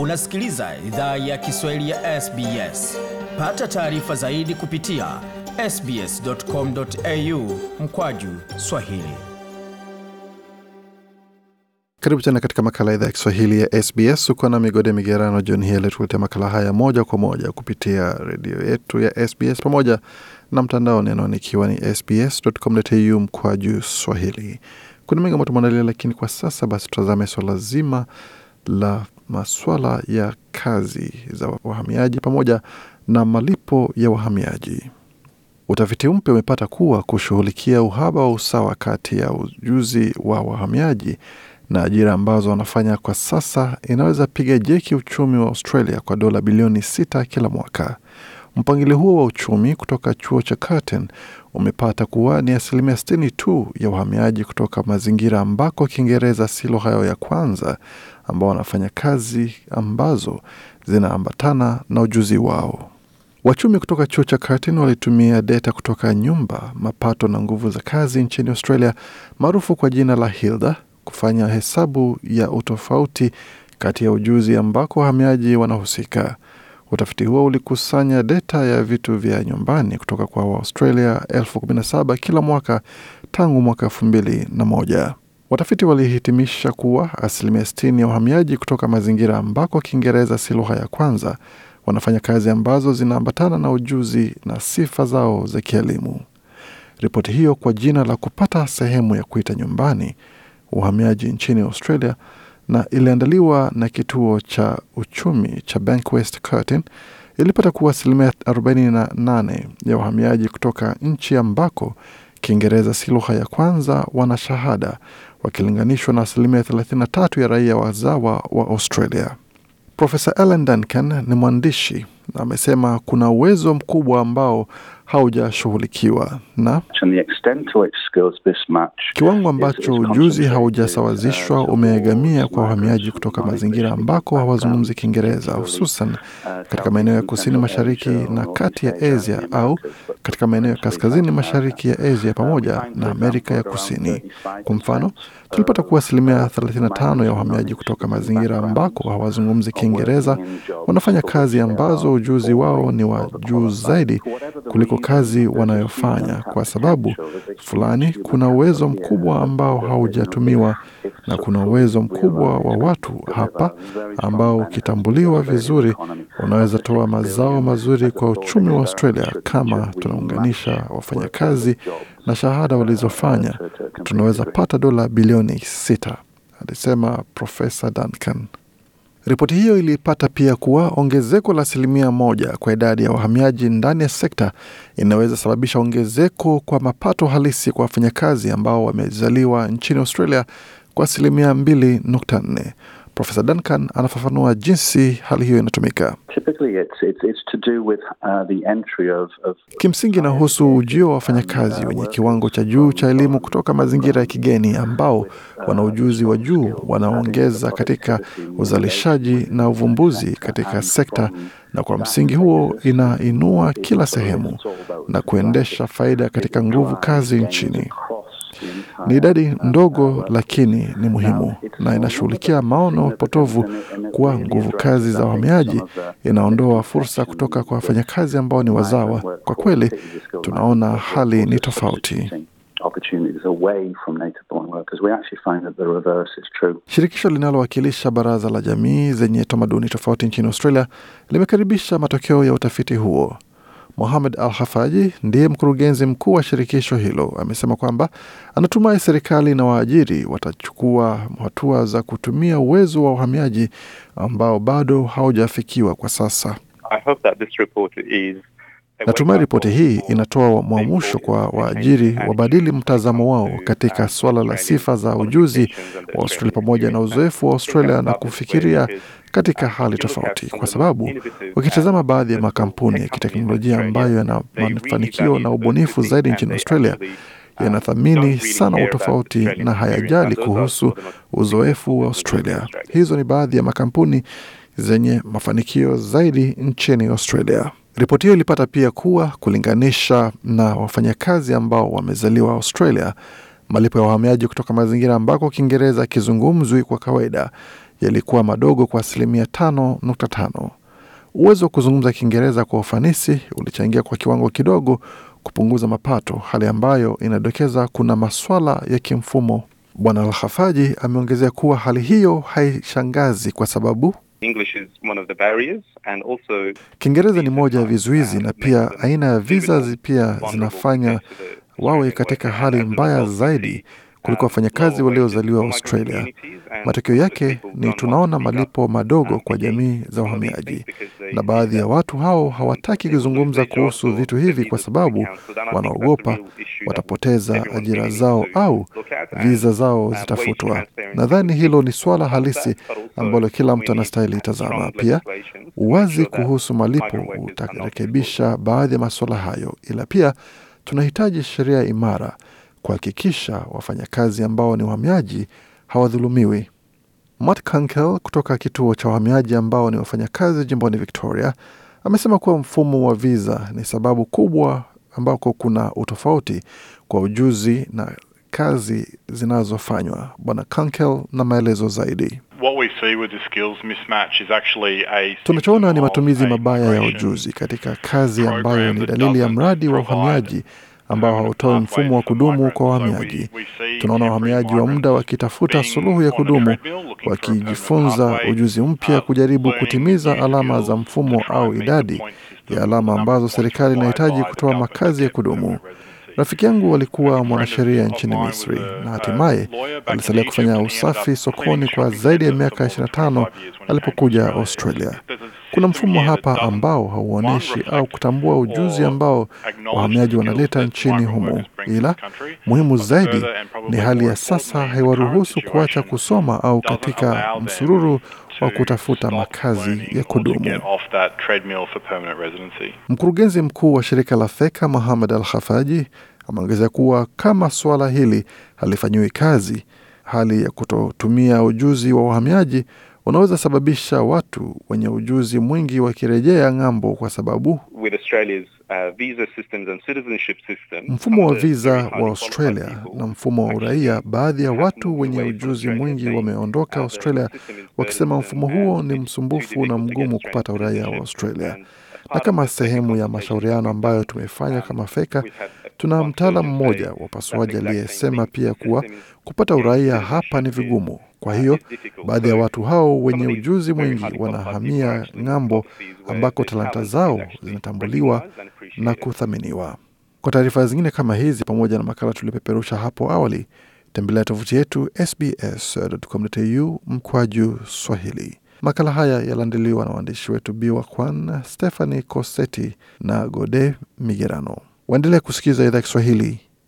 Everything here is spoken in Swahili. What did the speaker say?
Unasikiliza idhaa ya Kiswahili ya SBS. Pata taarifa zaidi kupitia sbs.com.au mkwaju swahili. Karibu tena katika makala idhaa ya Kiswahili ya SBS. Uko na migode migerano jioni hii, tukuletea makala haya moja kwa moja kupitia redio yetu ya SBS pamoja na mtandaoni, anwani ikiwa ni sbs.com.au mkwaju swahili. Kuna mengi ambayo tumeandalia, lakini kwa sasa basi tutazame swala zima la masuala ya kazi za wahamiaji pamoja na malipo ya wahamiaji. Utafiti mpya umepata kuwa kushughulikia uhaba wa usawa kati ya ujuzi wa wahamiaji na ajira ambazo wanafanya kwa sasa inaweza piga jeki uchumi wa Australia kwa dola bilioni sita kila mwaka. Mpangilio huo wa uchumi kutoka chuo cha Curtin umepata kuwa ni asilimia sitini tu ya wahamiaji kutoka mazingira ambako Kiingereza si lugha yao ya kwanza ambao wanafanya kazi ambazo zinaambatana na ujuzi wao. Wachumi kutoka chuo cha Curtin walitumia data kutoka nyumba, mapato na nguvu za kazi nchini Australia maarufu kwa jina la Hilda kufanya hesabu ya utofauti kati ya ujuzi ambako wahamiaji wanahusika. Utafiti huo ulikusanya data ya vitu vya nyumbani kutoka kwa Waaustralia elfu kumi na saba kila mwaka tangu mwaka elfu mbili na moja. Watafiti walihitimisha kuwa asilimia sitini ya wahamiaji kutoka mazingira ambako Kiingereza si lugha ya kwanza wanafanya kazi ambazo zinaambatana na ujuzi na sifa zao za kielimu. Ripoti hiyo kwa jina la kupata sehemu ya kuita nyumbani uhamiaji nchini Australia na iliandaliwa na kituo cha uchumi cha Bankwest Curtin ilipata kuwa asilimia 48 ya wahamiaji kutoka nchi ambako Kiingereza si lugha ya kwanza wana shahada wakilinganishwa na asilimia 33 ya raia wazawa wa Australia. Profesa Ellen Duncan ni mwandishi na amesema kuna uwezo mkubwa ambao haujashughulikiwa na kiwango ambacho ujuzi uh, haujasawazishwa umeegamia kwa wahamiaji kutoka mazingira ambako hawazungumzi Kiingereza, hususan uh, katika maeneo ya kusini mashariki na kati ya Asia au katika maeneo ya kaskazini mashariki ya Asia pamoja na Amerika ya Kusini. Kwa mfano, uh, tulipata kuwa asilimia 35 ya wahamiaji kutoka mazingira ambako hawazungumzi Kiingereza wanafanya kazi ambazo ujuzi wao ni wa juu zaidi kuliko kazi wanayofanya, kwa sababu fulani kuna uwezo mkubwa ambao haujatumiwa na kuna uwezo mkubwa wa watu hapa ambao ukitambuliwa vizuri unaweza toa mazao mazuri kwa uchumi wa Australia. Kama tunaunganisha wafanyakazi na shahada walizofanya, tunaweza pata dola bilioni sita, alisema Profesa Duncan. Ripoti hiyo ilipata pia kuwa ongezeko la asilimia moja kwa idadi ya wahamiaji ndani ya sekta inaweza sababisha ongezeko kwa mapato halisi kwa wafanyakazi ambao wamezaliwa nchini Australia kwa asilimia 2.4. Profesa Duncan anafafanua jinsi hali hiyo inatumika. Uh, Kimsingi inahusu ujio wa uh, wafanyakazi wenye kiwango cha juu cha elimu kutoka mazingira ya kigeni ambao uh, wana ujuzi wa juu wanaongeza katika uzalishaji na uvumbuzi katika sekta, na kwa msingi huo inainua kila sehemu na kuendesha faida katika nguvu kazi nchini. Ni idadi ndogo, lakini ni muhimu na inashughulikia maono potovu kuwa nguvu kazi za wahamiaji, inaondoa fursa kutoka kwa wafanyakazi ambao ni wazawa. Kwa kweli tunaona hali ni tofauti. Shirikisho linalowakilisha baraza la jamii zenye tamaduni tofauti nchini Australia limekaribisha matokeo ya utafiti huo. Mohamed Al Hafaji ndiye mkurugenzi mkuu wa shirikisho hilo, amesema kwamba anatumai serikali na waajiri watachukua hatua za kutumia uwezo wa uhamiaji ambao bado haujafikiwa kwa sasa. I hope that this report is Natumai ripoti hii inatoa mwamusho kwa waajiri wabadili mtazamo wao katika suala la sifa za ujuzi wa Australia pamoja na uzoefu wa Australia na kufikiria katika hali tofauti, kwa sababu ukitazama baadhi ya makampuni ya kiteknolojia ambayo yana mafanikio na ubunifu zaidi nchini Australia yanathamini sana utofauti na hayajali kuhusu uzoefu wa Australia. Hizo ni baadhi ya makampuni zenye mafanikio zaidi nchini Australia. Ripoti hiyo ilipata pia kuwa kulinganisha na wafanyakazi ambao wamezaliwa Australia, malipo ya wahamiaji kutoka mazingira ambako Kiingereza kizungumzwi kwa kawaida yalikuwa madogo kwa asilimia 5.5. Uwezo wa kuzungumza Kiingereza kwa ufanisi ulichangia kwa kiwango kidogo kupunguza mapato, hali ambayo inadokeza kuna maswala ya kimfumo. Bwana Alhafaji ameongezea kuwa hali hiyo haishangazi kwa sababu Kiingereza ni moja ya vizuizi na pia aina ya visa pia zinafanya wawe katika hali mbaya zaidi kuliko wafanyakazi waliozaliwa Australia. Matokeo yake ni tunaona malipo madogo kwa jamii za wahamiaji, na baadhi ya watu hao hawataki kuzungumza kuhusu vitu hivi kwa sababu wanaogopa watapoteza ajira zao au viza zao zitafutwa. Nadhani hilo ni swala halisi ambalo kila mtu anastahili tazama. Pia uwazi kuhusu malipo utarekebisha baadhi ya masuala hayo, ila pia tunahitaji sheria imara kuhakikisha wafanyakazi ambao ni wahamiaji hawadhulumiwi. Matt Kunkel kutoka kituo cha wahamiaji ambao ni wafanyakazi jimboni Victoria amesema kuwa mfumo wa viza ni sababu kubwa ambako kuna utofauti kwa ujuzi na kazi zinazofanywa. Bwana Kankel na maelezo zaidi. Tunachoona ni matumizi mabaya ya ujuzi katika kazi ambayo ni dalili ya mradi wa uhamiaji ambao hautoi mfumo wa kudumu kwa wahamiaji. Tunaona wahamiaji wa muda wakitafuta suluhu ya kudumu, wakijifunza ujuzi mpya, kujaribu kutimiza alama za mfumo au idadi ya alama ambazo serikali inahitaji kutoa makazi ya kudumu. Rafiki yangu alikuwa mwanasheria nchini Misri na hatimaye alisalia kufanya usafi sokoni kwa zaidi ya miaka 25 alipokuja Australia. Kuna mfumo hapa ambao hauonyeshi au kutambua ujuzi ambao wahamiaji wanaleta nchini humo, ila muhimu zaidi ni hali ya sasa haiwaruhusu kuacha kusoma au katika msururu wa kutafuta makazi ya kudumu. Mkurugenzi mkuu wa shirika la feka muhamed Al Khafaji ameongezea kuwa kama suala hili halifanyiwi kazi, hali ya kutotumia ujuzi wa uhamiaji unaweza sababisha watu wenye ujuzi mwingi wakirejea ng'ambo kwa sababu uh, mfumo wa viza wa Australia na mfumo wa uraia, baadhi ya watu wenye ujuzi mwingi wameondoka Australia wakisema mfumo uh, huo ni msumbufu na mgumu kupata uraia wa Australia. Na kama sehemu ya mashauriano ambayo tumefanya uh, kama feka, tuna mtaalam mmoja wa upasuaji aliyesema pia kuwa kupata uraia hapa ni vigumu. Kwa hiyo baadhi ya watu hao wenye ujuzi mwingi wanahamia ng'ambo ambako talanta zao zinatambuliwa na kuthaminiwa. Kwa taarifa zingine kama hizi pamoja na makala tuliopeperusha hapo awali, tembelea tovuti yetu sbs.com.au mkwaju Swahili. Makala haya yaliandaliwa na waandishi wetu Biwa Kwan, Stephanie Coseti na Gode Migerano. Waendelea kusikiza idhaa Kiswahili